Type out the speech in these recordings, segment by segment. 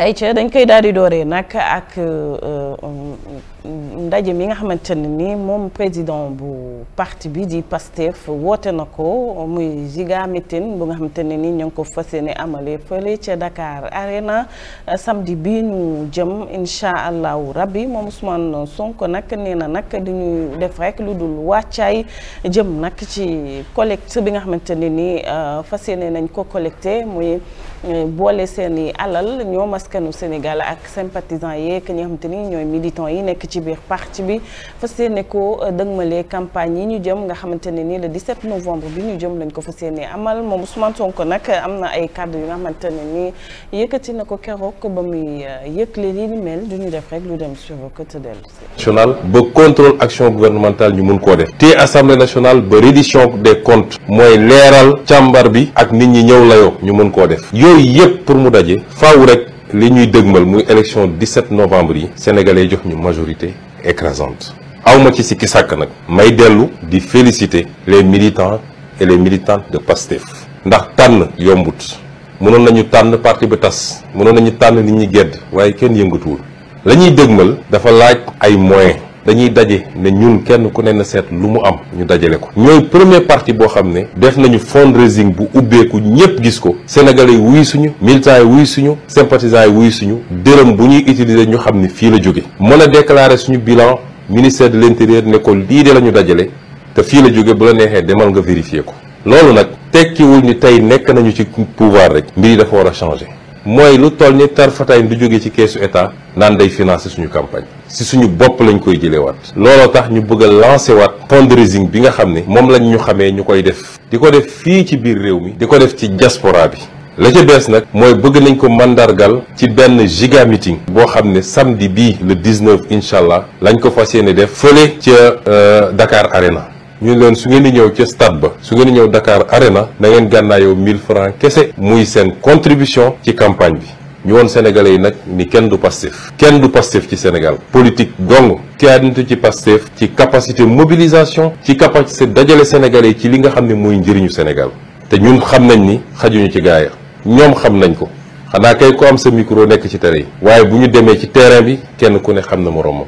ayca dañ koy daal di dooree nag ak euh, euh, ndaje mi nga xamante ne ni moom président bu parti bi di PASTEF woote na ko muy giga meeting bu nga xamante ne nii ñoo ngi ko fas yéene amale fële ca dakaar Arena euh, samedi bi ñu jëm incha allahu rabbi moom Ousmane Sonko nag nee na nag du ñu def rek lu dul wàccaay jëm nag ci collecte bi nga xamante ne ni fas yéene nañ ko collecté muy. boole seen i alal ñoom askanu Sénégal ak sympathisants yeeg ñi nga xamante ni ñooy militants yi nekk ci biir parti bi fas yéene ko euh, dëgmale campagne yi ñu jëm nga xamante ne ni le 17 novembre bi ñu jëm lañ ko fa yéene amal moom Ousmane Sonko nag am na ay kàddu yu nga xamante ne ni yëkkati na ko keroog ba muy euh, leen li ni mel du ñu def rek lu dem sur côté dellu national ba contrôle action gouvernementale ñu mun koo def te assemblée nationale ba reddition des comptes mooy leeral càmbar bi ak nit ñi ñëw layoo ñu koo def yooyu yëpp pour mu daje faaw rek li ñuy dëgmal muy élection 17 novembre yi sénégalais jox ñu majorité écrasante awma ci sikki sàkk nag may dellu di féliciter les militants et les militantes de PASTEF ndax tànn yombut mënoon nañu tànn partie ba tas mënoon nañu tànn li ñuy gedd waaye kenn yëngatuwul la ñuy dëgmal dafa laaj ay moyens dañuy daje ne ñun kenn ku ne na seet lu mu am ñu dajale ko ñooy premier parti boo xam ne def nañu fundraising bu ubbeeku ñëpp gis ko sénégalais yi wuy suñu militants yi wuy suñu sympathisants yi wuy suñu dërëm bu ñuy utiliser ñu xam ni fii la jóge mën a déclarer suñu bilan ministère de l'intérieur ne ko lii de la ñu dajale te fii la jóge bu la neexee demal nga vérifier ko loolu nag tekkiwul ni tey nekk nañu ci pouvoir rek mbir yi dafa war a changer mooy lu toll ni tarfataay du jóge ci keesu état nan dey financé suñu campagne si suñu bopp lañ koy jëlee waat looloo tax ñu bëgg a lancé waat fundraising bi nga xam ne moom lañ ñu xamee ñu koy def di ko def fii ci biir réew mi di ko def ci diaspora bi la ca bees nag mooy bëgg nañ ko mandargal ci benn giga meeting boo xam ne samedi bii le 19 incha allah lañ ko fas yéene def fële ca euh, Dakar Arena ñu leen su ngeen di ñëw ca stade ba su ngeen di ñëw Dakar Arena na ngeen gànnaayoo 1000 francs kese muy seen contribution ci campagne bi ñu woon sénégalais yi nag ni kenn du Pastef kenn du Pastef ci Sénégal politique dong kennitu ci Pastef ci capacité mobilisation ci capacité dajale yi ci li nga xam ne mooy njëriñu Sénégal te ñun xam nañ ni xajuñu ci gaaya ñoom xam nañ ko xanaa kay ko am sa micro nekk ci tere yi waaye bu ñu demee ci terrain bi kenn ku ne xam na moroomam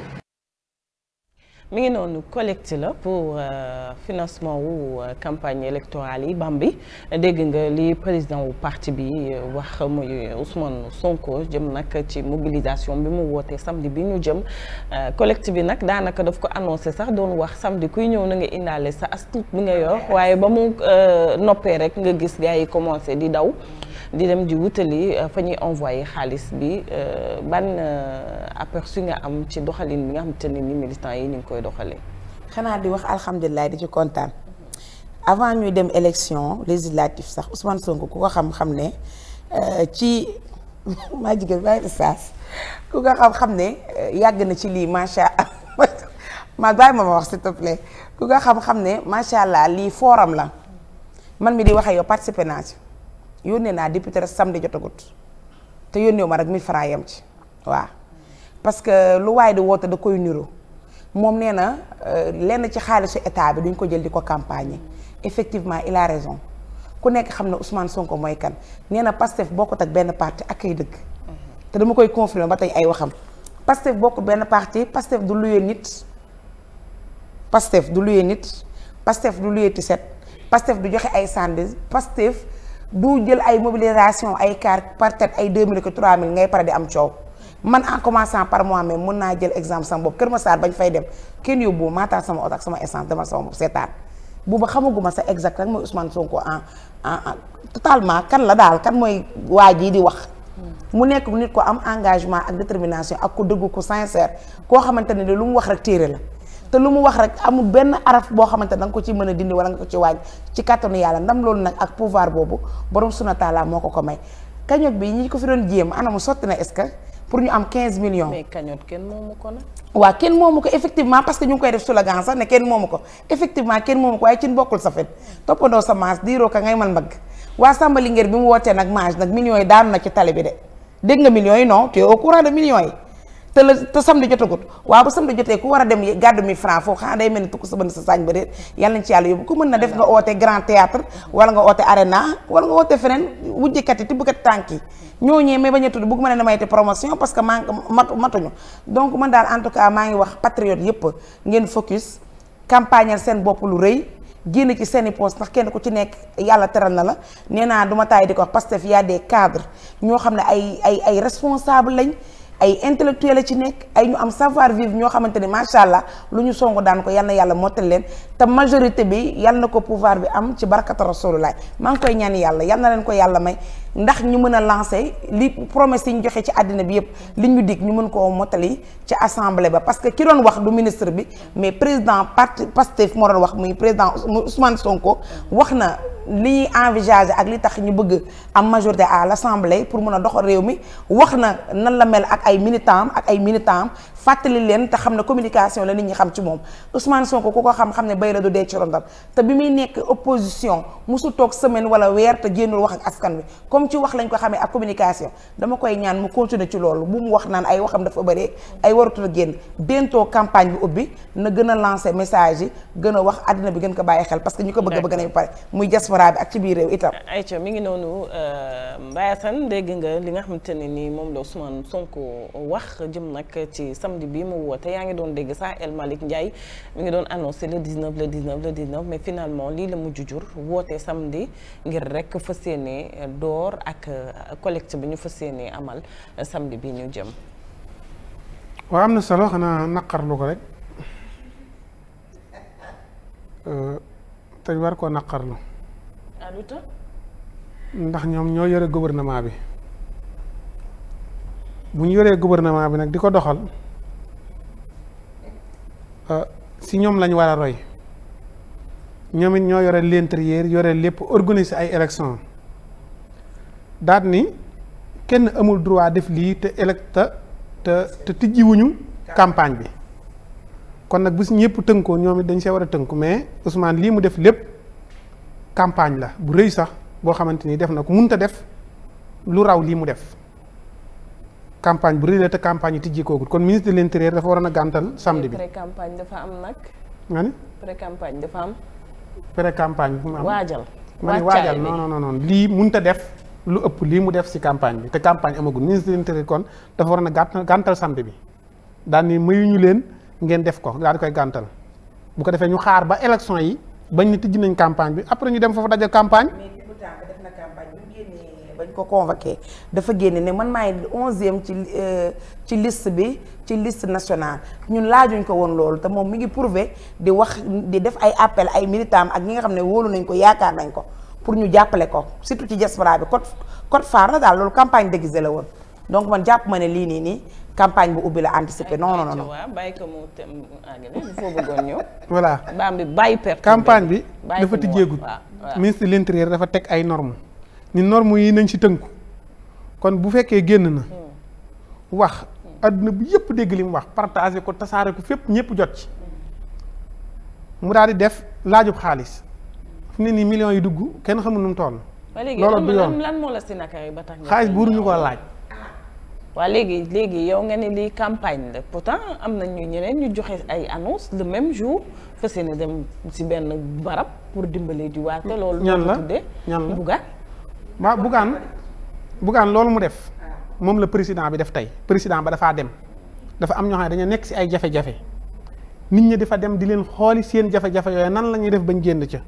mi ngi noonu collecte la pour euh, financement wu euh, campagne électorale yi bam bi dégg nga li président wu parti bi euh, wax muy Ousmane Sonko jëm nag ci mobilisation bi mu wootee samedi bi ñu jëm collecte bi nag daanaka daf ko annoncé sax doon wax samedi kuy ñëw na nga indaale sa astuut bi nga yor waaye ba mu noppee rek nga gis gars yi commencé di daw. di dem di wutali euh, fa ñuy envoyé xaalis bi euh, ban euh, aperçu nga am ci doxalin bi nga xamante ne ni militants yi ñu ngi koy doxalee. xanaa di wax alhamdulilah di ci kontaan avant ñuy dem élection législative sax Ousmane Sonko ku ko xam-xam ne ci maa jigéen bàyyi saas ku ko xam-xam ne yàgg na ci lii macha allah maa bàyyi ma ma wax s'il te plaît ku ko xam-xam ne macha allah lii forum la man mi di wax ak yow participé naa ci yónnee naa député rek samedi jotagut te yónnee ma rek 1000 francs yam ci waaw parce que lu waaye di woote da koy niro moom nee na euh, lenn ci xaalisu état bi duñ ko jël di ko campagne effectivement il la raison ku nekk xam na Ousmane Sonko mooy kan nee na Pastef bokkut ak benn parti ak ay dëgg te ma koy confirmer ba tey ay waxam Pastef bokkut benn parti Pastef du luyee nit Pastef du luyee nit Pastef du luyee ti set Pastef du joxe ay sandis Pastef du jël ay mobilisation ay car par tête ay 2000 ak 3000 ngay pare di am coow man en commençant par mois mais mën naa jël exemple sama bopp Kër Massar bañ fay dem kenn yóbbu maa taal sama oto ak sama essence demal sama bopp seetaan booba xamaguma sa exact rek mooy Ousmane Sonko en en totalement kan la daal kan mooy waa jii di wax. mu nekk nit ko am engagement ak détermination ak ku dëgg ku sincère koo xamante ne lu mu wax rek téere la. te lu mu wax rek amul benn araf boo xamante da nga ko ci mën a dindi wala nga ko ci wàññi ci kàttanu yàlla ndam loolu nag ak pouvoir boobu borom suna taala moo ko ko may cagnotte bi ñi ko fi doon jéem ana mu sotti na est-ce que pour ñu am 15 millions. mais kenn moomu ko nag. waaw kenn moomu ko effectivement parce que ñu ngi koy def slogan sax ne kenn moomu ko effectivement kenn moomu ko waaye cin bokkul sa fet toppandoo sa maas diiroo ka ngay man mbagg waa Samba Linguère bi mu wootee nag mange nag millions yi daanu na ci tali bi de yi. te la te samedi jotagut waaw ba samedi jotee ku war a dem gàddu mi franc foofu xanaa day mel ni tukku sa bënn sa saañ ba réer yàlla nañ ci yàlla yóbbu ku mën na def nga oote grand théâtre wala nga oote arena wala nga oote feneen wujjikat yi tibbkat tànk yi ñooñee mais bañ a tudd bëgg ma ne damay te promotion parce que maa matu matuñu donc man daal en tout cas maa ngi wax patriote yépp ngeen focus campagne seen bopp lu rëy génn ci seeni poste ndax kenn ku ci nekk yàlla na la nee du ma taay ko wax Pastef y a des ñoo xam ne ay ay ay responsable lañ ay intellectuel ci nekk ay ñu am savoir vivre ñoo xamante ne macha allah lu ñu song daan ko yal na yàlla mottal leen te majorité bi yal na ko pouvoir bi am ci barkata rasulullah maa ngi koy ñaan yàlla yal na leen ko yàlla may ndax ñu mën a lancer li promesse yi ñu joxe ci àddina bi yëpp li ñu dikk ñu mën koo mottali ci assemblée ba parce que ki doon wax du ministre bi mais président parti Pastef moo doon wax muy président Ousmane Sonko wax na li ñuy envisager ak li tax ñu bëgg am majorité à l'assemblée pour mën a doxal réew mi wax na nan la mel ak ay militants ak ay militants fàttali leen te xam ne communication la nit ñi xam ci moom Ousmane Sonko ko xam-xam ne bay la du dee toog semaine wala weer te génnul wax ak askan wi comme ci wax lañ ko xamee ak communication dama koy ñaan mu continuer ci loolu wax naan ay waxam dafa bëree ay waratula génn campagne bi ubbi na gën a lancer message yi gën a wax àddina bi gën ko bàyyi xel parce que ñu ko bëgg bëgg nañu pare muy diaspora bi ak ci biir réew euh, li nga xamante ne ni moom la Ousmane wax jëm nag ci samedi bi mu woote yaa ngi doon dégg sax El Malick Ndiaye mi ngi doon annoncé le 19 le 19 le 19 mais finalement lii la mujj jur woote samedi ngir rek fas yéenee door ak euh, collecte bi ñu fas yéenee amal samedi bi ñu jëm. waaw am na solo xanaa naqarlu ko rek euh, te war koo naqarlu. Ah, ndax ñoom ñoo yore gouvernement bi bu ñu yoree gouvernement bi nag di ko doxal. Euh, si ñoom lañu war a roy ñoom it ñoo yore l'intérieur yore lépp organiser ay élection daat ni kenn amul droit def lii te élect te te tijjiwuñu campagne bi kon nag bu si ñëpp tënkoo ñoom it dañ see war a tënku mais Ousmane lii mu def lépp campagne la bu rëy sax boo xamante ni def na ko munta def lu raw lii mu def campagne bu rëy la te campagne yi tijjikoogut kon ministre de l'intérieur dafa waroon a gàntal samedi bi. campagne dafa am nag. nga ni pré campagne dafa am. pré waajal. ma lii mun a def lu ëpp lii mu def si campagne bi te campagne amagul ministre de l'intérieur kon dafa waroon a gàntal gàntal samedi bi daan ni mayuñu leen ngeen def ko daal di koy gàntal bu ko defee ñu xaar ba élection yi bañ ni tijji nañ campagne bi après ñu dem foofu dajal campagne. ñu ko convoqué dafa génne ne man maay onzième ci euh, ci liste bi ci liste national ñun laajuñ ko woon loolu te moom mi ngi prouvé di wax di def ay appel ay militam ak ñi nga xam ne wóolu nañ ko yaakaar nañ ko pour ñu jàppale ko surtout ci diaspora bi code code phare la daal loolu campagne déguisée la woon donc man jàpp ma ne lii nii nii campagne bu ubbi la anticiper non non non. waaw ko mu tem àggale ah, foo bëggoon ñëw. bi bàyyi perte. campagne bi dafa tijjeegul. ministre de l'intérieur dafa teg ay normes. ni norme yi nañ ci tënku kon bu fekkee génn na hmm. wax àdduna hmm. bu yëpp dégg li mu wax partagé ko tasaare ko fépp ñëpp jot ci mu daal di def laajub xaalis fu ne nii millions yi dugg kenn xamul nu mu toll. loolu lan moo la ba tax xaalis bu waruñu koo laaj. waa léegi léegi yow nga ne lii campagne la pourtant na ñu ñeneen ñu joxe ay annonce le jour fas yéene dem si benn barab pour dimbale di waate loolu ñan la tuddee ñan la waaw bugaan bugaan loolu mu def moom la président bi def tey président ba dafaa dem dafa am ñoo xam ne dañoo nekk si ay jafe nit ñi dafa dem di leen xooli seen jafe nan la ñuy def bañ génn ca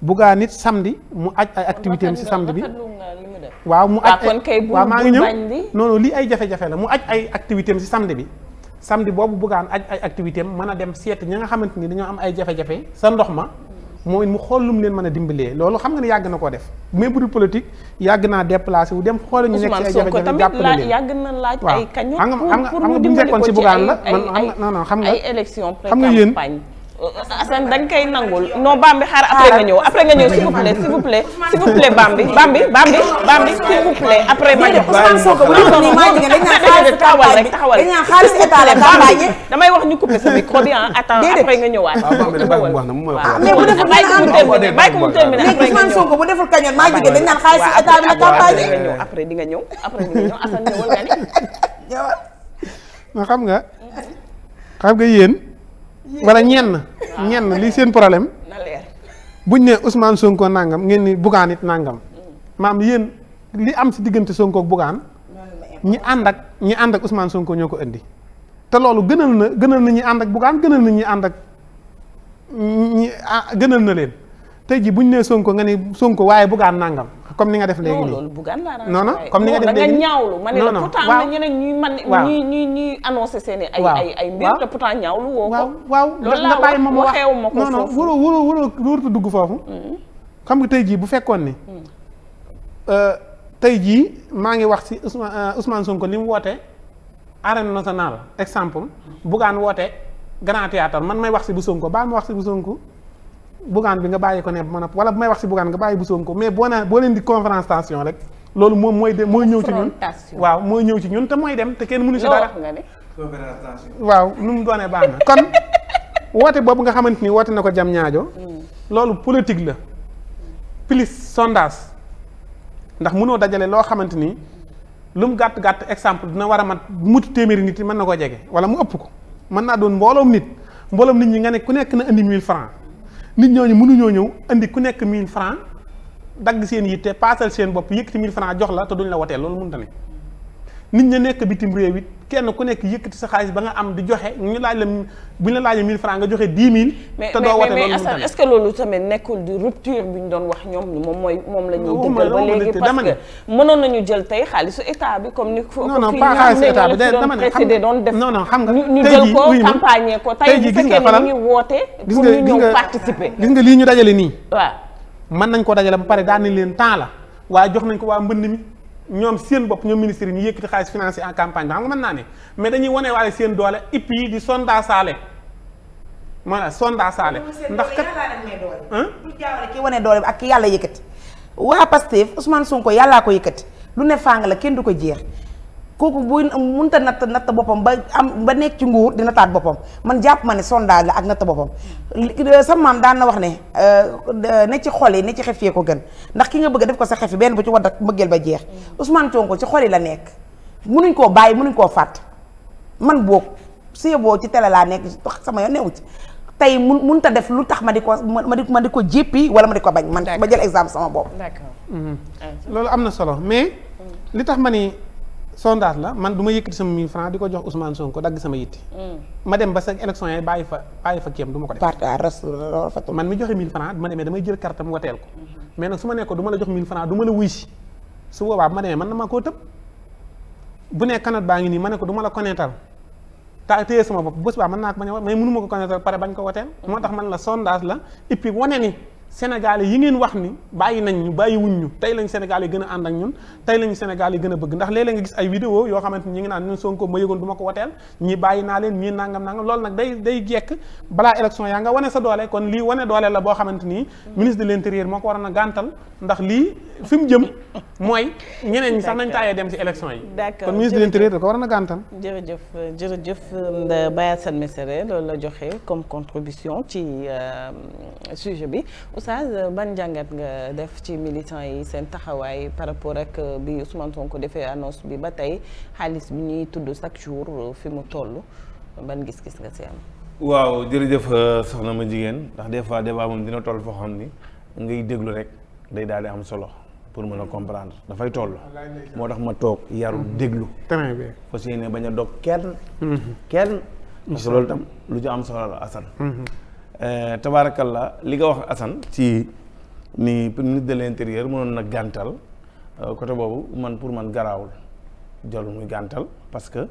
bugaan nit samedi mu aj ay activité am si samedi bi waaw mu aj ah, waaw maa ngi ñëw non non lii ay jafe la mu aj ay activité am si samedi bi samedi boobu bugaan aj ay activité am mën a dem seet ñi nga xamante ni dañoo am ay jafe-jafe sa ndox ma mooy mu xool lu leen mën a dimbalee loolu xam nga ne yàgg na koo def mais bu dul politique yàgg naa déplacé wu dem xool ñu nekk ci ay jafe-jafe jàppale yàgg na laaj ay kañu pour pour mu dimbali ko ci ay ay ay élection pré-campagne xam nga yéen Assane da nga koy nangul non Bambi xaar après nga ñëw après nga ñëw s'il vous plaît après ma jox rek taxawal dañ damay wax ñu ah, après nga ñëwaat ah, ko mu terminer bàyyi ko mu terminer mais Ousmane Sonko bu deful kañoon maa jigéen dañ naan xaalis état nga après di nga ñëw après di nga xam nga xam nga yéen wala ñenn ñenn lii seen problème buñ ne usmaan Sonko nangam ngeen ni Bougane nangam mm. maam yéen li am si diggante Sonko ak Bougane ñi ànd ak ñi ànd ak Ousmane Sonko ñoo ko indi te loolu gënal na gënal na ñi ànd ak Bougane gënal na ñi àndak ñi ah, gënal na leen tey jii bu ñu nee Sonko nga ne Sonko waaye bugaan nangam comme ni nga def léegi nii non non comme ni nga def léegi nii ñaawlu ma ne la pourtant am na ñeneen ñuy man ñuy ñuy ñuy annoncé seen i ay ay ay mbir te pourtant ñaawlu woo ko waaw waaw nga bàyyi ma ma wax non non wuro wuro wuro wurtu dugg foofu mm. xam nga tey jii bu fekkoon ni mm. euh, tey jii maa ngi wax si euh, Ousmane Sonko ni mu woote arène nationale exemple bugaan woote grand théâtre man may wax si bu Sonko baa ma wax si bu Sonko bugaan bi nga bàyyi ko ne mën a wala bu may wax si bugaan nga bàyyi bu Sonko mais boo naa boo leen di conférence tension rek loolu moom mooy dem mooy ñëw ci ñun waaw mooy ñëw ci ñun te mooy dem te kenn mënu si dara waaw nu mu doonee baax na kon woote boobu nga xamante ni woote na ko jam ñaajo mm. loolu politique la plus sondage ndax munoo dajale loo xamante ni lu mu gàtt gàtt exemple dina war a mat mutu téeméeri nit yi mën na ko jege wala mu ëpp ko mën naa doon mbooloom nit mbooloom nit ñi nga ne ku nekk na indi mille francs nit ñooñu mënuñoo ñëw indi ku nekk 1000 francs dagg seen yitte paasal seen bopp yëkkati 1000 francs jox la te duñ la watee loolu mënta ne nit ña nekk bitim réew it kenn ku nekk yëkkati sa xaalis ba nga am di joxe ñu laaj la bu ñu la laajee 1000 francs nga joxe 10 000. te doo wote loolu mais est-ce que loolu tamit nekkul di rupture bi ñu doon wax ñoom moom mooy moom la ñuy dëggal ba léegi parce que mënoon nañu jël tey xaalisu état bi comme ni ko non non pas xaalisu état bi dama ne xam doon def non non xam nga ñu jël ko campagne ko tey ji gis nga falal ñu woote pour ñu ñëw participer gis nga lii ñu dajale nii waaw mën nañ ko dajale ba pare daal ni leen temps la waaye jox nañ ko waa mbënd mi ñoom seen bopp ñoom ministre yi ñu yëkkati xaalis financé en campagne bi xam nga mën naa ne mais dañuy wane waale seen doole IP yi di sonda saale voilà sonda saale ndax kat bu jaawale ki wane doole bi ak ki yàlla yëkkati waa Pastef Ousmane ko yàllaa ko yëkkati lu ne fàng la kenn du ko jeex kooku bu munta natt natt boppam ba am ba nekk ci nguur dina taat boppam man jàpp ma ne sondage la ak natt boppam euh, sa maam daan na wax ne euh, euh, ne ci ne ci xef ko gën ndax ki nga bëgg def ko sa xef yi benn bu ci wadd ak mbëggeel ba jeex mm. Ousmane Sonko ci xol yi la nekk munuñ koo bàyyi munuñ koo fàtt man boog suye boo ci télé laa nekk sama yoon ci tey mun munta def lu tax ma di ko ma di ma di ko jéppi wala ma di ko bañ man ma jël exemple sama bopp d'accord mm-hmm. ah, loolu am na solo mais mm. li tax ma ni sondage la man du ma yëkkati sama 1000 francs di ko jox Ousmane Sonko dagg sama yitte. Mm. ma dem ba sa élection yi bàyyi fa bàyyi fa kéem du ma ko def. part euh, man mi joxe 1000 francs ma demee damay jël carte am wateel ko. Mm-hmm. mais nag su ma nekkoon du ma la jox 1000 francs wuy si su boobaa bu ma demee man na ma koo tëb bu nekk kanat baa ngi nii ma ne ko du la connectal ta téye sama bopp bés baa mën naa ko bañ a ko connectal pare bañ ko wateel. Mm-hmm. moo tax man la sondage la et puis wane ni. sénégalais yi ngeen wax ni bàyyi nañ ñu bàyyi wuñ ñu tey lañ sénégal yi gën a ànd ak ñun tey lañ sénégal yi gën a bëgg ndax léeg nga gis ay vidéo yoo xamante ni ñu ngi naan ñun Sonko ma yëgoon du ko woteel ñi bàyyi naa leen ñii nangam nangam loolu nag day day jekk balaa élection yaa nga wane sa doole kon lii wane doole la boo xamante nii ministre de l'intérieur moo ko waroon a gàntal ndax lii fi mu jëm mooy ñeneen ñi sax nañ taayee dem si élection yi kon ministre de l'intérieur da ko waroon a gàntal jërëjëf jërëjëf euh, Baye Assane Misséré loolu la joxe comme contribution ci euh, sujet bi Oustaz ban jàngat nga def ci militants yi seen taxawaay par rapport ak euh, bi Ousmane Sonko defee annonce bi ba tey xaalis bi ñuy tudd chaque jour euh, fi mu toll ban gis-gis nga si am. waaw jërëjëf euh, soxna ma jigéen ndax des fois débat moom dina toll foo xam ni ngay déglu rek day daal di am solo pour mën a comprendre dafay toll. moo tax ma toog yaru déglu. très bien fas yéene bañ a dog kenn. Mm-hmm. kenn. parce que tam lu ci am solo la Assane. Mm-hmm. Eh, tabarakal la li nga wax Assane ci ni ministre de l'intérieur mënoon na gàntal euh, côté boobu man pour man garaawul jol muy gàntal parce que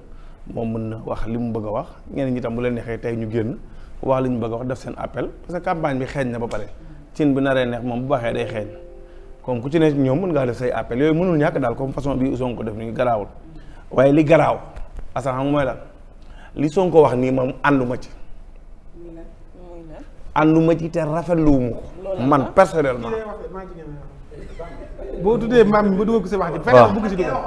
moom mën na wax li mu bëgg a wax ngeen ñi tam bu leen neexee tey ñu génn wax li ñu bëgg a wax def seen appel parce que campagne bi xeeñ na ba pare cin bi naree neex moom bu baaxee day xeeñ comme ku ci ne ñoom mën ngaa def say appel yooyu mënul ñàkk daal comme façon bi Sonko def ni garaawul waaye li garaaw Assane xam mooy lan li Sonko wax ci ànduma ci te rafetluwuma ko man personel personnellement boo tuddee maam mi ba dugal ko se wax ji feneen bëgg si dugal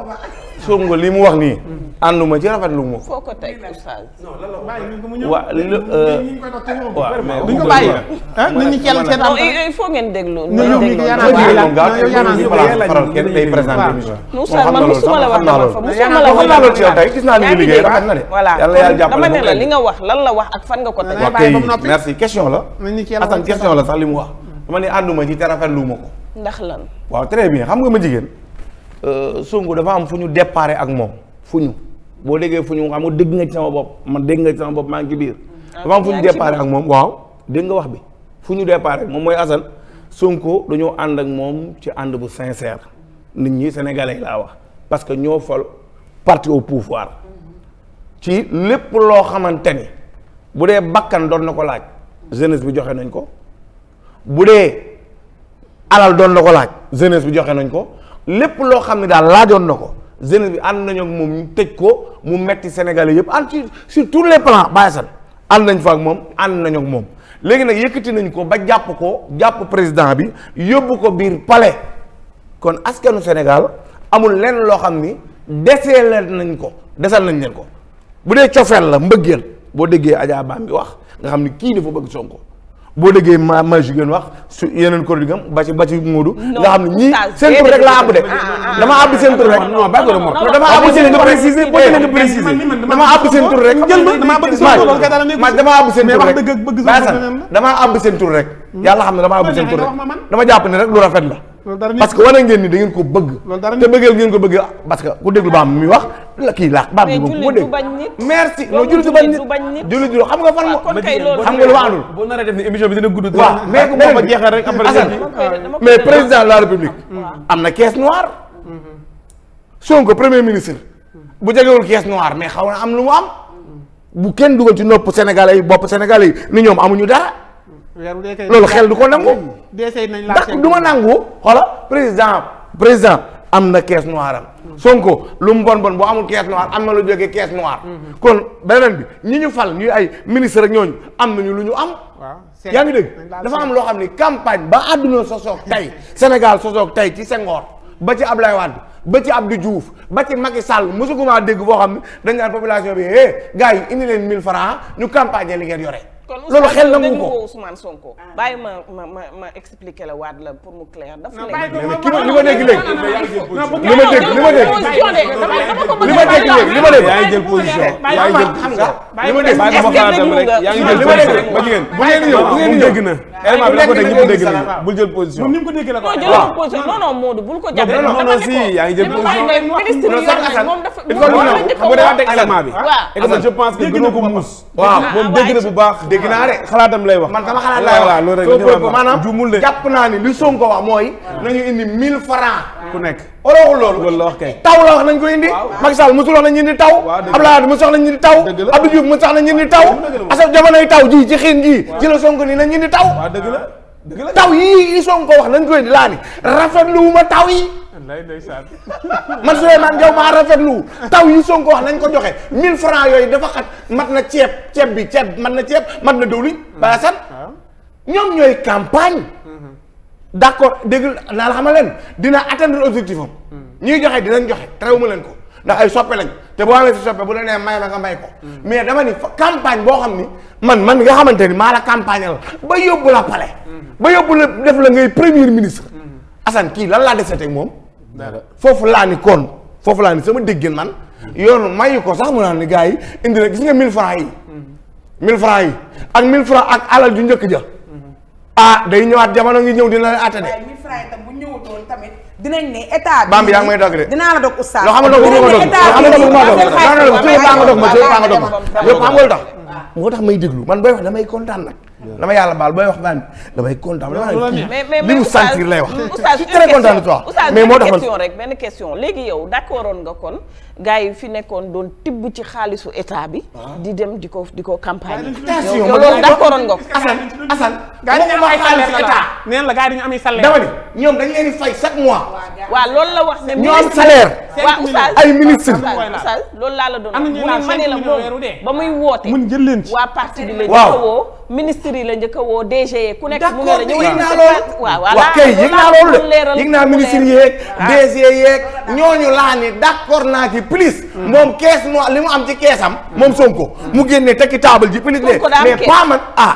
Sonko li mu wax nii. ànduma ci rafetlu ma. foo ko teg oustaz. Euh, waaw la waaw mais bu ñu ko bàyyi. Ah, nit ñi kenn seen am. il faut ngeen déglu. ñu ngi faral kenn tey présenté émission. Moussa man musuma la wax dama fa gis naa ni na de. voilà dama la li nga wax lan la wax ak fan nga ko teg. ok merci question la. Assane question la sax li mu wax. dama ne ànduma ci te rafetlu ma ko. ndax lan. waaw très bien xam nga ma jigéen Euh, sunko dafa am fu ñu déparé ak moom fu ñu boo déggee fu ñu xam nga dégg nga ci sama bopp man dégg nga ci sama bopp maa ngi ci biir ah, dafa am fu ñu déparé ak moom waaw dégg nga wax bi fu ñu déparé moom mooy Assane Sonko dañoo ànd ak moom ci ànd bu sincère nit ñi sénégalais laa wax parce que ñoo fol parti au pouvoir ci lépp loo xamante ni bu dee bakkan doon na ko laaj jeunesse bi joxe nañ ko bu dee alal doon na ko laaj jeunesse bi joxe nañ ko lépp loo xam ne daal laajoon na ko jeunesse bi ànd nañu ak moom ñu tëj ko mu metti sénégalais yëpp ànd ci sur tous les plans Baye Assane ànd nañ fa ak moom ànd nañu ak moom léegi nag yëkkati nañ ko ba jàpp ko jàpp président bi yóbbu ko biir palais kon askanu Sénégal amul lenn loo xam ni deseeleel nañ ko desal nañ leen ko bu dee cofeel la mbëggeel boo déggee Adja Bam bi wax nga xam ni kii dafa bëgg Sonko boo déggee ma ma jigéen wax su yeneen ko digam ba ci ba ci Moodu nga xam ne ñii seen tur rek laa àbb de dama àbb seen tur rek non ba ko mo dama àbb seen rek jël ma dama bëgg seen tur rek ma dama àbb seen rek dama àbb seen rek dama àbb seen rek dama jàpp ne rek lu rafet la parce que wane ngeen ni da ko bëgg. te bëggeel ngeen ko bëgg parce que ku déglu baam mi wax kii laax baam xam nga fan moo xam nga lu ma àndul. boo am na caisse noire. Sonko premier ministre. bu jegewul caisse noire mais xaw na am lu mu am. bu kenn dugal ci nopp sénégal yi bopp Sénégalais yi ni ñoom amuñu dara. loolu xel du ko nangu deesey nañ la ndax du ma nangu xoola président président am na caisse noire am mm-hmm. Sonko lu mu bon bon boo amul caisse noire am na lu jógee caisse noire mm-hmm. kon beneen bi ñi ñu fal ñuy ay ministre ak ñooñu am nañu lu ñu am yaa ngi dégg dafa am loo xam ni campagne ba àdduna sosoog tey Sénégal sosoog tey ci Senghor ba ci Abdoulaye Wade ba ci Abdou Diouf ba ci Macky Sall mosuguma dégg boo xam ne dañ naan population bi eh gars yi indi leen 1000 francs ñu campagne li ngeen yore loolu xel nangu ko kon Ousmane Sonko bàyyi ma ma ma ma expliqué la waat la pour mu clair daf léegi li ma dégg léegi li ma dégg li ma dégg li ma dégg li ma dégg yaa ngi jël position yaa ngi jël li ma dégg ma jigéen bu ngeen yow bu ngeen dégg na élément eh, bi la ko dégg ñu ko dégg nii bul jël position. moom ni mu ko déggee la ko waxee ah. non non jël position ministre bi yor ko muus. waaw bu baax. dégg naa de xalaatam lay wax. man sama xalaat lay wax waaw loolu rek maanaam jàpp naa ni li Sonko wax mooy ah. nañu indi 1000 francs ku nekk wala waxul loolu taw la wax nañ ko indi Macky Sall mosul wax nañ indi taw Abdoulaye mosul wax nañ indi taw Abdou Diouf mosul wax nañ indi taw asa jamonoy taw ji ci xiin ji ci la Sonko nii nañ indi taw taw yii i Sonko wax nañ ko indi laa ni rafetlu wu ma taw yi man Souleymane Diaw maa rafetlu taw yi Sonko wax nañ ko joxe 1000 francs yooyu dafa xat mat na ceeb ceeb bi ceeb mat na ceeb mat na dëwlin hmm. bala san hmm. ñoom ñooy campagne d'accord dégg naa la xamal leen dina atteindre objectif am. Hmm. ñuy joxe dinañ joxe terewuma leen ko ndax ay soppe lañ te boo amee si soppe bu la nee may ma nga may ko. Hmm. mais dama ni campagne boo xam ni man man nga xamante ni maa la campagne la ba yóbbu la hmm. ba yóbbu la def la ngay premier ministre. Assane kii lan laa desee teg moom. foofu laa ni kon foofu laa ni sama déggin man. yoonu mayu ko sax mu naan ni gars yi indi na gis nga 1000 francs yi. 1000 francs yi ak 1000 francs ak alal ju njëkk ja. ah day ñëwaat jamono ngi ñëw dina la àtte de. dinañ ne état bi. bambi yaa ngi may dog de. dinaa la dog loo xam ne dog ma dog ma dog ma dog ma dog ma dog ma dog ma dog ma dog ma dog ma dog dama yàlla baal booy wax naan damay kontaan li mu sentir lay wax je suis très content de toi mais moo tax question rek benn question léegi yow d'accordoon nga kon gars yi fi nekkoon doon tibb ci xaalisu état bi ah. di dem di ko di ko campagne yow loolu d'accordoon nga ko asan asan gars yi dañu am ay xaalisu état neen la gars yi dañu am ay salaire dama ni ñoom dañ leen di fay chaque mois waaw loolu la wax ne ñoo am salaire waaw oustaz ay ministre oustaz loolu laa la doon wax mu ne ma la moom ba muy woote mun jël leen ci waa parti bi la woo ministre yi la njëkk a woo DG ku nekk mu ngi la ñu yëg naa loolu waaw kay yëg naa loolu de yëg naa ministre yeeg DG yeeg mm. moom kees li mu am ci keesam mm. moom Sonko mu génne tekki table ji plus ne mais pas man ah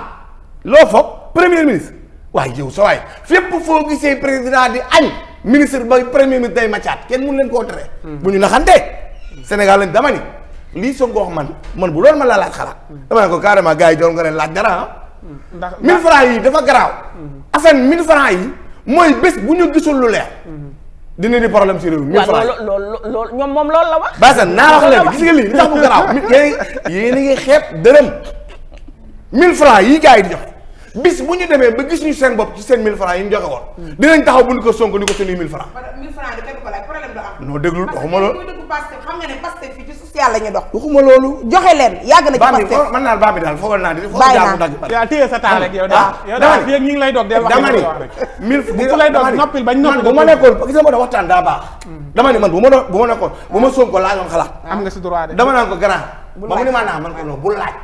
loo foog premier ministre waaye yow sa waay fépp foo gisee président di añ ministre ba premier ministre day macaat kenn mun leen koo tere mm. bu ñu naxante Sénégal lañ dama lii sa ngoox man man bu loolu ma la laaj xalaat. dama ne ko carrément gars yi doon nga leen laaj dara ah. ndax 1000F yi dafa garaaw. Mhm. Assane 1000F yi mooy bés bu ñu gisul lu leer. Mhm. dina di problème si réew mi. 1000F waaw la wax. Basa naa wax leen gis nga lii li tax mu garaaw. yéen a ngi xeeb dërëm. 1000F yi gars yi di jox. bis bu ñu demee ba gis ñu seen bopp ci seen 1000 francs yi ñu joxe woon. dinañ taxaw bu ñu ko sonk ko suñuy ko laaj problème du am. non déglu waxuma loolu parce que xam nga ne Pastef fii ci social la ñu dox. waxuma loolu joxe leen yàgg na ci Pastef man naa mi daal foogal naa di. bàyyi naa yaa téye bu ah, lay dog bu ma nekkoon gis nga ma da waxtaan daa baax hmm. dama ni man bu ma doon bu ma nekkoon bu ma ah. xalaat dama naan ko grand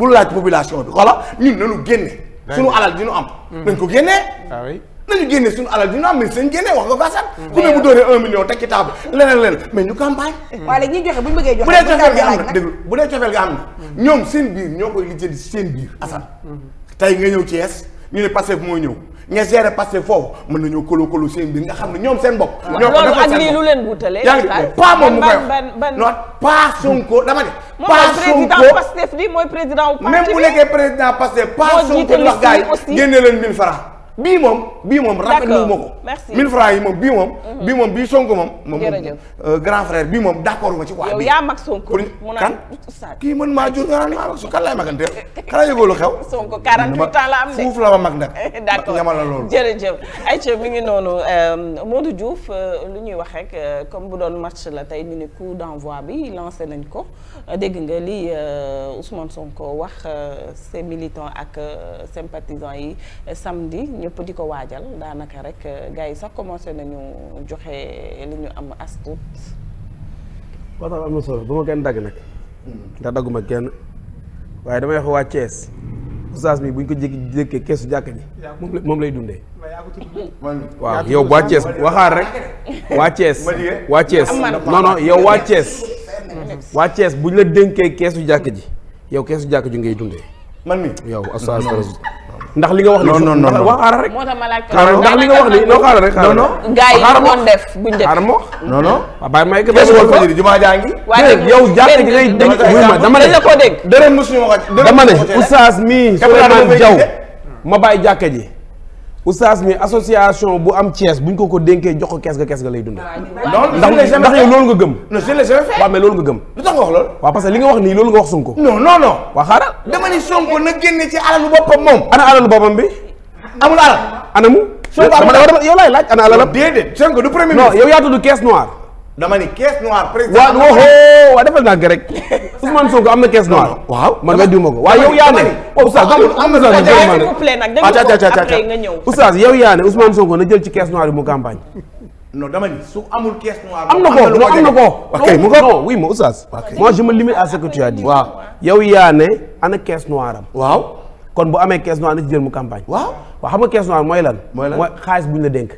bu laaj population bi voilà ñun nañu génne. suñu alal di ñu am. Hmm. nañ ko génnee. Ah nañu génne suñu alal di am mais seen génne wax nga ko sax. Hmm. ku ne bu doonee un million teg ci leneen leneen mais ñu campagne. Hmm. waaye léegi joxe bu ñu bëggee joxe. bu dee cofeel nga am na déglu bu dee cofeel nga am na. ñoom seen biir ñoo koy lijjanti seen biir Assane. tey nga ñëw Thiès ñu ne Pastef moo ñëw ña gérer passé foofu mën nañoo kolo kolo seen biir nga xam ne ñoom seen bopp. ñoo ko defal seen bopp loolu ak lii lu leen wutale. yaa ngi pas moom mu koy wax non pas Sonko dama ne. pas Sonko président Pastef bi mooy président wu parti bi même bu nekkee président Pastef pas Sonko wax gars yi génne leen 1000 francs bii moom bii moom rafetlu ma ko mille francs yi moom bii moom mhm. bii moom bii Sonko moom moom euh, grand frère bii moom d'accord ma ci quoi yow yaa mag Sonko kan kii mën maa jur nga naan maa mag su kan laay maganteel xanaa yëgoo lu xew Sonko 48 ans la am de fuuf la ma mag nag d'accord ñamal la loolu jërëjëf ayca mi ngi noonu euh, Modou Diouf euh, lu ñuy wax rek comme bu doon match la tey ñu ne coup d'envoi bi lancé nañ ko dégg nga lii Ousmane Sonko wax ses militants ak sympathisants yi samedi ñëpp di ko waajal daanaka rek euh, gars yi sax commencé nañu joxe li ñu am as tuut. waaw daal am na solo bu ma kenn dagg nag. Hmm. ndax dagguma kenn waaye damay wax waa Thiès. oustaz bi bu ko jékki jékkee keesu jàkk ji moom lay dundee waaw yow waa Thiès waxaar rek waa Thiès waa Thiès non yow waa Thiès waa Thiès bu ñu la dénkee keesu jàkk ji yow keesu jàkk ji ngay dundee man mi yow oustaz ndax li nga wax. non non non waaw xaaral rek. moo tax ma laaj ko ndax li nga wax nii non xaaral rek. non non xaaral ma xaaral ma non non. bàyyi ma yegg jumaa jaa ngi. dama ne la ko dégg. dërëm mosuñu dama ne oustaz mii Souleymane Diaw ma bàyyi jàkk ji oustaz mi association bu am Thiès buñ ko ko dénkee jox ko kees ga kees ga lay dund. Ah, ndax ndax yow loolu nga gëm. non je loolu nga gëm. lu tax nga wax loolu. waaw parce li nga wax nii loolu nga wax Sonko. non non non. waa xaaral. dama ni Sonko na génne ci alalu boppam moom. ana alalu boppam bi. amul alal. anamu. Sonko amul yow laay laaj ana alalam. déedéet Sonko du premier ministre. non yow yaa tudd dama ni caisse noire. président waaw waaw waaw defal naa rek Ousmane am na caisse noire. waaw man weddi ma ko waaw yow yaa ne. Oh, oustaz oustaz yow yaa ne Ousmane Sonko na jël ci caisse noire bi mu campagne. amul caisse noire. am na ko non am ko. ok mu ko non oui ma oustaz. moi je me limite à ce que tu as dit. waaw yow yaa ne ana caisse noire waaw kon bu amee caisse noire na ci jël mu campagne. waaw waaw xam nga caisse noire mooy lan. mooy lan mooy bu ñu la dénk.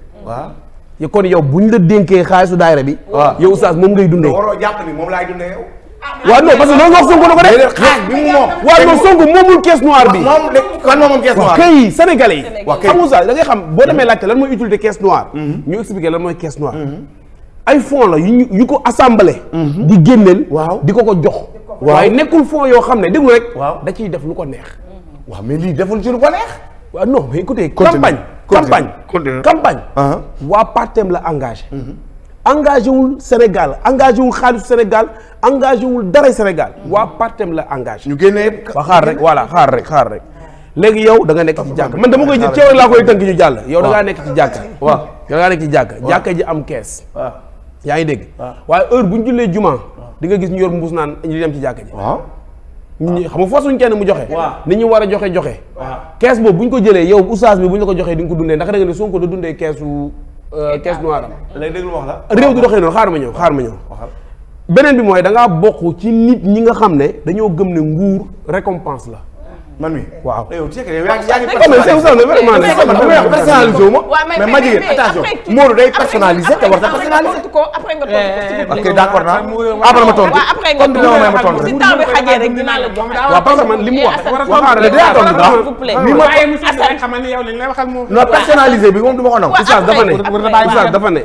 yow kon yow bu ñu la dénkee xaalisu daayira bi. waa ah, yow oustaz moom ngay dundee. waroo jàpp ni moom laay dundee yow. waaw non parce que loolu wax na ko def xaalis bi mu moom. waaw moomul caisse noire bi. moom de kan moomul caisse noire bi waaw kay sénégalais yi. waaw kay xam xam boo demee mm-hmm. laajte lan mooy utilité caisse noire. Mm-hmm. ñu expliqué lan mooy caisse noire. Mm-hmm. ay fonds la yu yu ko assemblée. di génneel. waaw di ko ko jox. waaye nekkul fonds yoo xam ne déglu rek. waaw da ciy def lu ko neex. waaw mais lii deful ci lu ko neex. waaw non mais écoutez campagne. campagne campagne uh-huh. waa partem la engagé mm-hmm. engagé wul Sénégal engagé wul xaalisu Sénégal engagé wul dara Sénégal mm-hmm. waa partem la engagé ñu génnee waa xaar rek voilà xaar rek xaar rek léegi yow da nga nekk ci jàkk man dama koy jël ceeb laa koy tënk ñu jàll yow da ngaa nekk ci jàkk waaw jàkk jàkk ji am kees yaa ngi dégg waaye heure bu ñu jullee juma di nga gis ñu yor mbuus naan ñu dem ci jàkk ji nit ñi xam nga forsuñ kenn mu joxe nit ñu war a joxe joxe kees boobu bu ñu ko jëlee yow oustaz bi bu ñu la ko joxee di ko dundee ndax da nga ne Sonko da dundee keesu euh, kees noir am léegi wax la réew du doxee noonu xaar ma ñëw xaar ma ñëw beneen bi mooy da ngaa bokk ci nit ñi nga xam ne dañoo gëm ne nguur récompense la man mi waaw yow c' est que yow yaa ngi personnalisé vraiment ne wu ma. mais ma jigéen ko d' accord naa la jox. waaw parce que man li mu li ma. non bi moom du ko nangu. Oustaz dafa ne Oustaz dafa ne.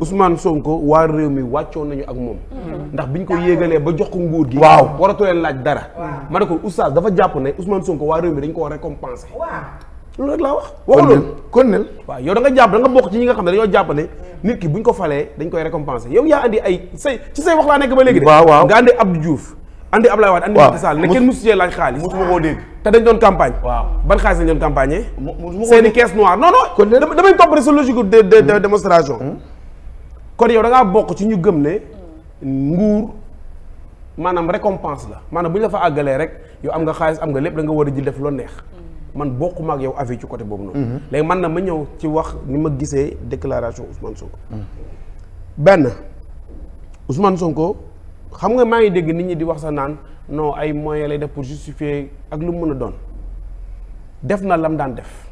Ousmane Sonko waa réew mi wàccoon nañu ak moom. Mm-hmm. ndax biñ ko yéegalee ba jox ko gi. waaw waratoo leen laaj dara. ma ko Oustaz dafa jàpp ne Ousmane Sonko waa réew mi dañ ko war récompenser. loolu rek laa wax. waxu loolu kon nel waaw yow da nga jàpp da nga bokk ci ñi nga xam ne dañoo jàpp nit ki bu ñu ko falee dañ koy récompenser yow yaa andi ay say ci say wax laa nekk ba léegi de. waaw waaw nga andi Abdou Diouf. andi Abdoulaye Wade andi Macky Sall ne kenn musu cee laaj xaalis musuma koo dégg te dañ doon campagne waaw ban xaalis lañ doon campagne seeni caisse noire non non kon damay topp rek sa logique de de hmm. démonstration hmm. kon yow da ngaa bokk ci ñu gëm ne maanaam récompense la maanaam bu ñu fa àggalee rek yow am nga xaalis am nga lépp da nga war a ji def loo neex mm. man bokkuma ak yow avis ci côté boobu noonu mm-hmm. léegi man na ma ñëw ci wax ni ma gisee déclaration Ousmane Sonko mm. benn Ousmane Sonko xam nga maa ngi dégg nit ñi di wax sa naan noo ay moyens lay def pour justifier ak lu mu mën a doon def na lam daan def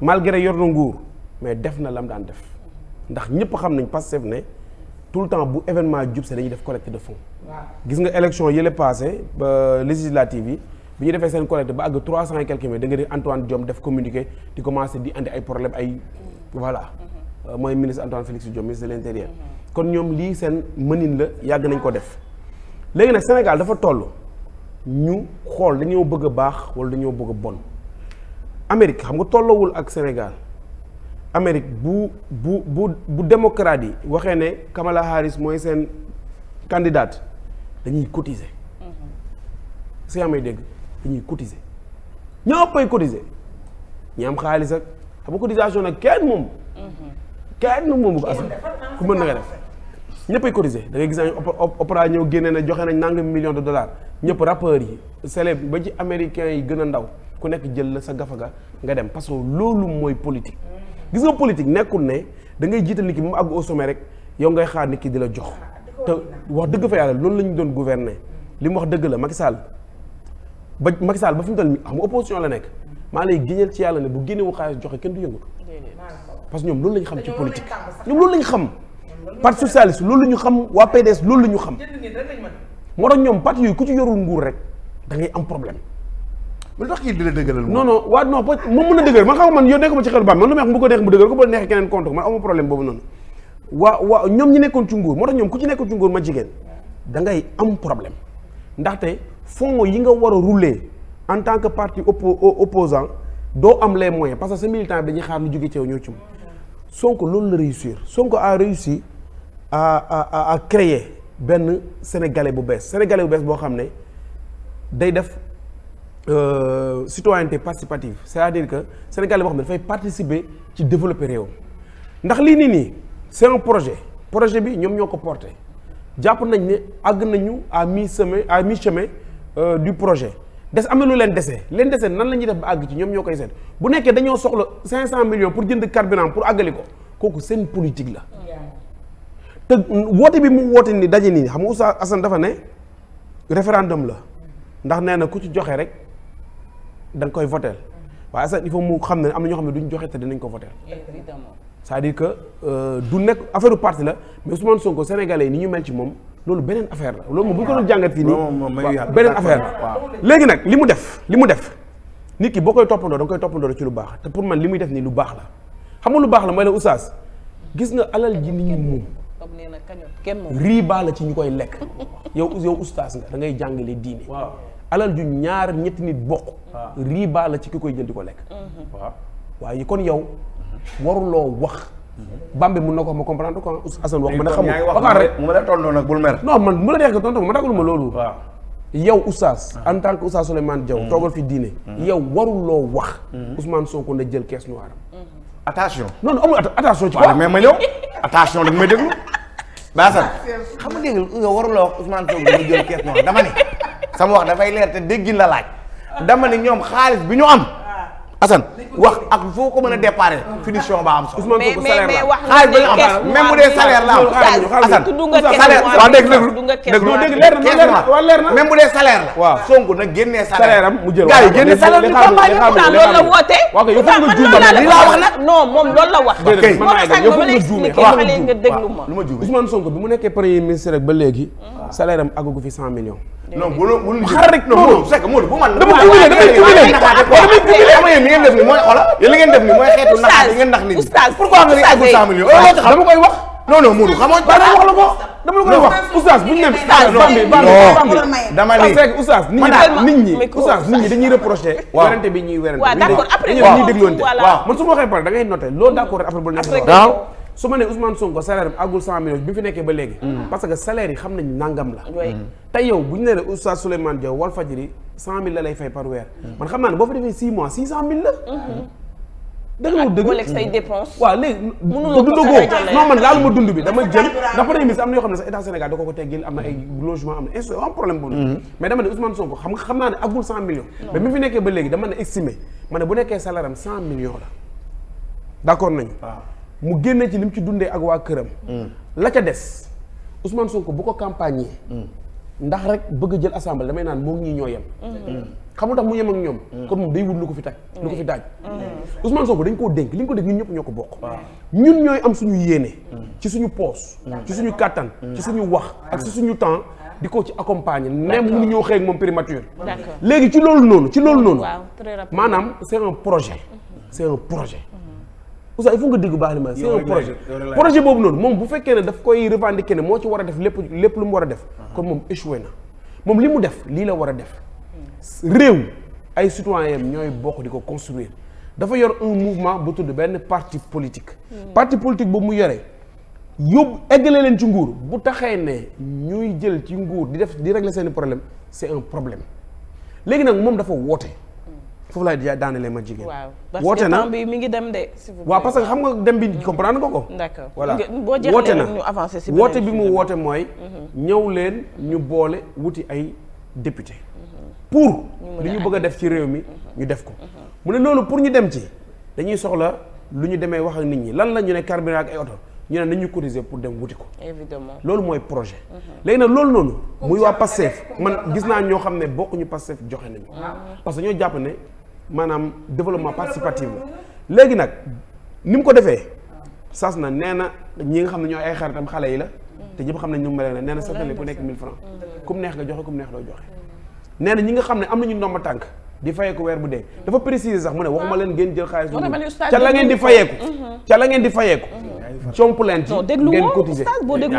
malgré yor na nguur mais def na la mu daan def ndax ñëpp xam nañ Pastef ne tout le temps bu événement jub see dañuy def collecte de fonds. gis nga élection yële passé ba législative yi bi ñu defee seen collecte ba àgg trois cent et quelques mille da nga di Antoine Diome def communiqué di commencé di andi ay problème ay voilà euh, mooy ministre Antoine Félix Diome ministre de l'intérieur kon ñoom lii seen manine la yàgg nañ ko def léegi nag Sénégal dafa toll ñu xool dañoo bëgg a baax wala dañoo bëgg a bon Amérique xam nga tollawul ak Sénégal Amérique bu bu bu bu démocrate yi waxee ne Kamala Harris mooy seen candidate dañuy cotiser. Mm-hmm. si amee dégg dañuy cotiser ñoo koy cotiser ñi am xaalis ak xam nga cotisation nag kenn moom. Mm-hmm. kenn moomu ko askan ku mën na nga def. ñëppay cotiser da ngay gis nañu opéra génne na joxe nañ nangam million de dollars ñëpp rappeurs yi célèbre ba ci américains yi gën a ndaw ku nekk jël la sa gafaga nga dem parce que loolu mooy politique. Mm-hmm. gis nga politique nekkul ne da ngay jiital nit ki mu àgg au rek yow ngay xaar nit ki di la jox te wax dëgg fa yàlla loolu la ñu doon gouverner li mu wax dëgg la Macky Sall ba Macky Sall ba fi mu toll nii xam nga opposition la nekk maa lay génneel ci yàlla ne bu génnewu xaalis joxe kenn du yëngatu parce que ñoom loolu la ñu xam ci politique ñoom loolu la ñu xam parti socialiste loolu la ñu xam waa PDS loolu la ñu xam moo tax ñoom parti yooyu ku ci yorul nguur rek dangay am problème mais tax kii di la dëgëral non non waaw non moom mën na dëgëral man xam man yow nekkuma ci ma wax bu ko neex mu dëgëral ko ba neex keneen compte noonu waa waa ñoom ñi nekkoon ci nguur moo ñoom ku ci nekkoon ci nguur ma jigéen da ngay am problème ndaxte fonds yi nga war a rouler en tant que parti opposant doo am les moyens parce que sa militant bi dañuy xaar lu jóge ci yow ñoo ci moom Sonko loolu la réussir Sonko a réussi à benn sénégalais bu bees sénégalais bu bees boo xam ne day def Euh, citoyenneté participative c'est-à-dire que Sénégal boo xam ne dafay participer ci développer réewam ndax lii nii nii c'est un projet projet bi ñoom ñoo ko porté jàpp nañ ne àgg nañu à mis chemin à mi-chemin euh, du projet des am na lu leen dese leen dese nan la ñuy def ba àgg ci ñoom ñoo koy seet bu nekkee dañoo cinq cent millions pour jënd carburant pour àggali ko kooku seen politique la. te woote bi mu woote ni daje nii xam nga Oustaz Assane dafa ne référendum la ndax nee na ku ci joxe rek. da koy voter waaye sa il faut mu xam ne am na ñoo xam ne duñ joxe te dinañ ko voter c'est-à-dire que euh, du nekk affaire parti la mais Ousmane Sonko sénégalais yi ni ñu mel ci moom loolu beneen affaire la loolu moom bu ñu ko doon jàngat fii nii beneen affaire la léegi nag li mu def li mu def nit ki boo koy toppandoo da nga koy toppandoo ci lu baax te pour man li muy def nii lu baax la xam nga lu baax la mooy la oustaz gis nga alal ji nit ñi moom riibaa la ci ñu koy lekk yow yow oustaz nga da ngay jàngale diine alal ju ñaar ñetti nit bokk. Ah. riba la ci ki koy jël ko lekk. Mm-hmm. waaye kon yow mm-hmm. waruloo wax. Mm-hmm. Bambe mun na ko ma comprendre ko Assane wax. ma ne xamul ba rek mu ma la tontoo nag ma daggalu ma loolu. waaw ah. en tant que Oustaz Souleymane Diaw. toogal wax. Ousmane Sonko na jël caisse noire. mais ma ñëw attention danga may déglu. Ba Assane xam nga ne. sama wax dafay leer te déggin la laaj dama ne ñoom xaalis bi ñu am. Assane wax ak foo ko mën a déparé. finition ba am solo. mais mais mais wax la ne kees même bu dee salaire la am. Assane na leer bu dee salaire la. waaw Sonko nag génnee salaire am mu jël gars yi génne salaire bi wax nag non moom loolu la wax. déedéet mu nekkee premier ministre rek ba léegi. salaire am àggu fi 100 millions non bu loolu bu loolu xar rek non c'est que Modou bu man dama cumulé dama cumulé dama cumulé xam ngeen ni ni mooy xoolal yéen li ngeen def ni mooy xeetu nax yi ngeen nax ni àggul cent millions loolu tax dama koy wax non non Modou xam nga ni oustaz nit ñi nit ñi oustaz nit ñi dañuy reproché werante bi ñuy werante waaw d'accord après da ngay noté loolu d'accord après bu su ma nee Ousmane Sonko salaire am àggul cent fi nekkee ba léegi. Mm. parce que salaire xam nañ nangam la. Mm. yow bu ñu nee ne Oustaz Souleymane Diaw Walfadjri cent mille la lay fay par mm. man xam naa ne boo fa defee six mois six cent mille la. Mm-hmm. dëgg ko non man bi dama jël. ndax premier ne sax état Sénégal da ko ko teggil am na ay naa ne agul cent millions. mais bi mu fi nekkee ba léegi dama ne estimé ma ne bu nekkee salaire am cent millions la. d'accord waaw mu génne ci li mu ci dundee ak waa këram. Mm. la ca des Ousmane ko bu ko campagne mm. ndax rek bëgg a jël assemblée damay naan moom ñii ñoo yem. Mm. xamul tax mu yem ak ñoom. kon moom day wut lu ko fi taj lu ko fi daaj. Ousmane Sonko dañ koo dénk li ñu ko dénk ñun ñëpp ñoo ko bokk. ñun ñooy am suñu yéene. ci suñu poos. ci suñu kàttan ci suñu wax ak ci suñu temps di ko ci accompagner. même mënu ñoo xëy ak moom primature. léegi ci loolu noonu ci loolu noonu. maanaam c'est projet. Mm-hmm. c'est projet. Moussa il faut nga dégg baax na c'est un projet projet boobu noonu moom bu fekkee ne daf koy revendiquer ne moo ci war a def lépp lépp lu mu war a def uh-huh. kon moom échoué na moom li mu def lii la war a def réew ay citoyen ñooy bokk di ko construire dafa yor un mouvement bu tudd benn parti politique hmm. parti politique boobu mu yore yóbbu eggale leen ci nguur bu taxee ne ñuy jël ci nguur di def di régler seeni problème c'est un problème léegi nag moom dafa woote foofu laay daanelee ma jigéen. waaw woote na bi mi ngi de. waaw que xam nga dem bi comprendre nga ko. d'accord voilà woote na ñu avancé si woote bi mu woote mooy. Mhm. ñëw leen ñu boole wuti ay député. pour lu ñu bëgg a def ci réew mi mhm. ñu def ko. Mhm. mu ne loolu pour ñu dem ci dañuy soxla lu ñu demee wax ak nit ñi lan la ñu ne carburant ak ay oto ñu ne nañu cotiser pour dem wuti ko. évidemment loolu mooy projet. léegi nag loolu noonu. muy waa Pastef man gis naa ñoo xam ne bokkuñu Pastef joxe nañu. Ah. parce que ñoo jàpp ne. maanaam développement participatif la léegi nag ni mu ko defee sas na nee na ñi nga xam ne ñooy ay xaritam xale yi la te ñëpp xam nañ ñu mel ne nee na satale ku nekk 1000 francs mm. ku mu neex nga joxe ku mu neex doo joxe neena ñi nga xam ne am nañu ndomba tànk di fayeeku weer bu dee dafa préciser sax mu ne waxuma leen ngeen jël xaalis mm-hmm. ca la ngeen di fayeeku ca mm-hmm. la ngeen di fayeeku comp leen ci ngeen cotiser mm-hmm.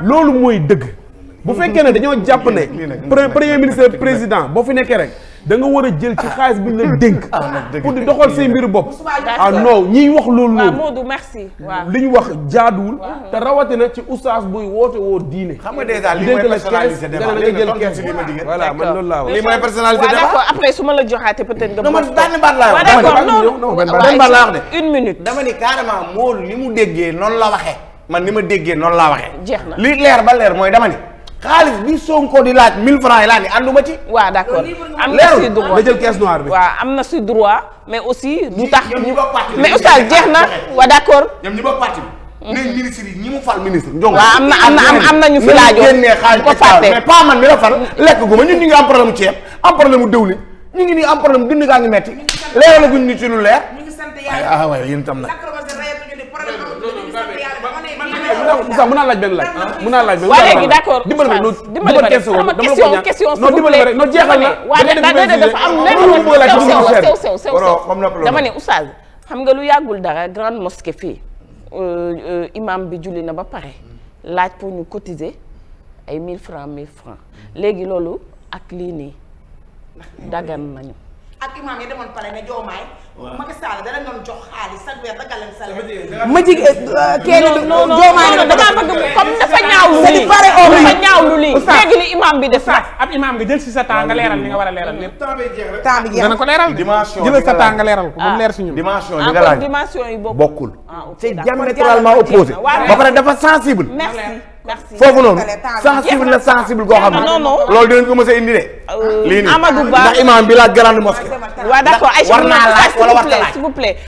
loolu mooy dëgg bu fekkee ne dañoo jàpp ne premier ministre président boo fi nekkee rek da nga war a jël ci xaalis bi ñu la dénk. Ah, pour di doxal say mbiru bopp. ah non ñiy wax loolu. waaw Modou waaw li ñu wax jaaduwul. te rawatina ci oustaz buy woote woo diine. xam nga dèjà li mooy personnalisé débat léegi a tontu si li ma la joxaatee peut-être nga. non man benn ah, mu déggee noonu la waxe man ni ma déggee noonu laa waxee. jeex na li leer ba leer mooy dama ni xaalis bi Sonko di laaj 1000 francs yi laa ni ànduma ci. waaw d'accord am na si droit da jël caisse noire bi. waaw am na si mais aussi. du tax ñu mais oustaz jeex na waaw d'accord. ñoom am na am na ñu fi laajoon ko fàtte mais pas man mi la fal lekk gu ñun ñu ngi am problème mu am problème mu ñu ngi nii am problème dund gaa ngi metti leeralaguñ ni ci lu leer. ñu ah waaw yéen tam nag. Moussa mën naa laaj benn laaj. Ah. mën naa laaj benn laaj waaw léegi d' accord. dimbali ma rek dimbali ma rek sama question question s'il vous plaît non jeexal na. waaw dafa am lenn sew sew sew sew dama ne Oustaz xam nga lu yàggul dara grande mosquée fii euh, euh, imam bi julli na ba pare laaj pour ñu cotiser ay 1000 francs 1000 francs léegi loolu ak lii nii daggan nañu. ak imaam yi demoon pale ne joomaay. waaw Macky Sall da leen doon jox xaalis chaque weer daga ma jig euh, kenn la dama bëgg comme dafa ñaaw lu lii dafa ñaaw lu bi def sax ab imaam bi jël si sa leeral li nga war a leeral lépp. temps bi jeex rek temps bi jeex dana ko leeral. dimension jëlal sa temps nga leeral ko ba mu ah. leer si ñun. dimension yi ah, nga laaj dimension yi bokkul. Ah, c'est diamétralement opposé ba pare dafa sensible. foofu noonu sensible na sensible goo xam ne loolu dinañ ko mës a indi de. Euh, lii nii ndax imam bi la grande mosquée. waaw d'accord ay war naa laaj wala war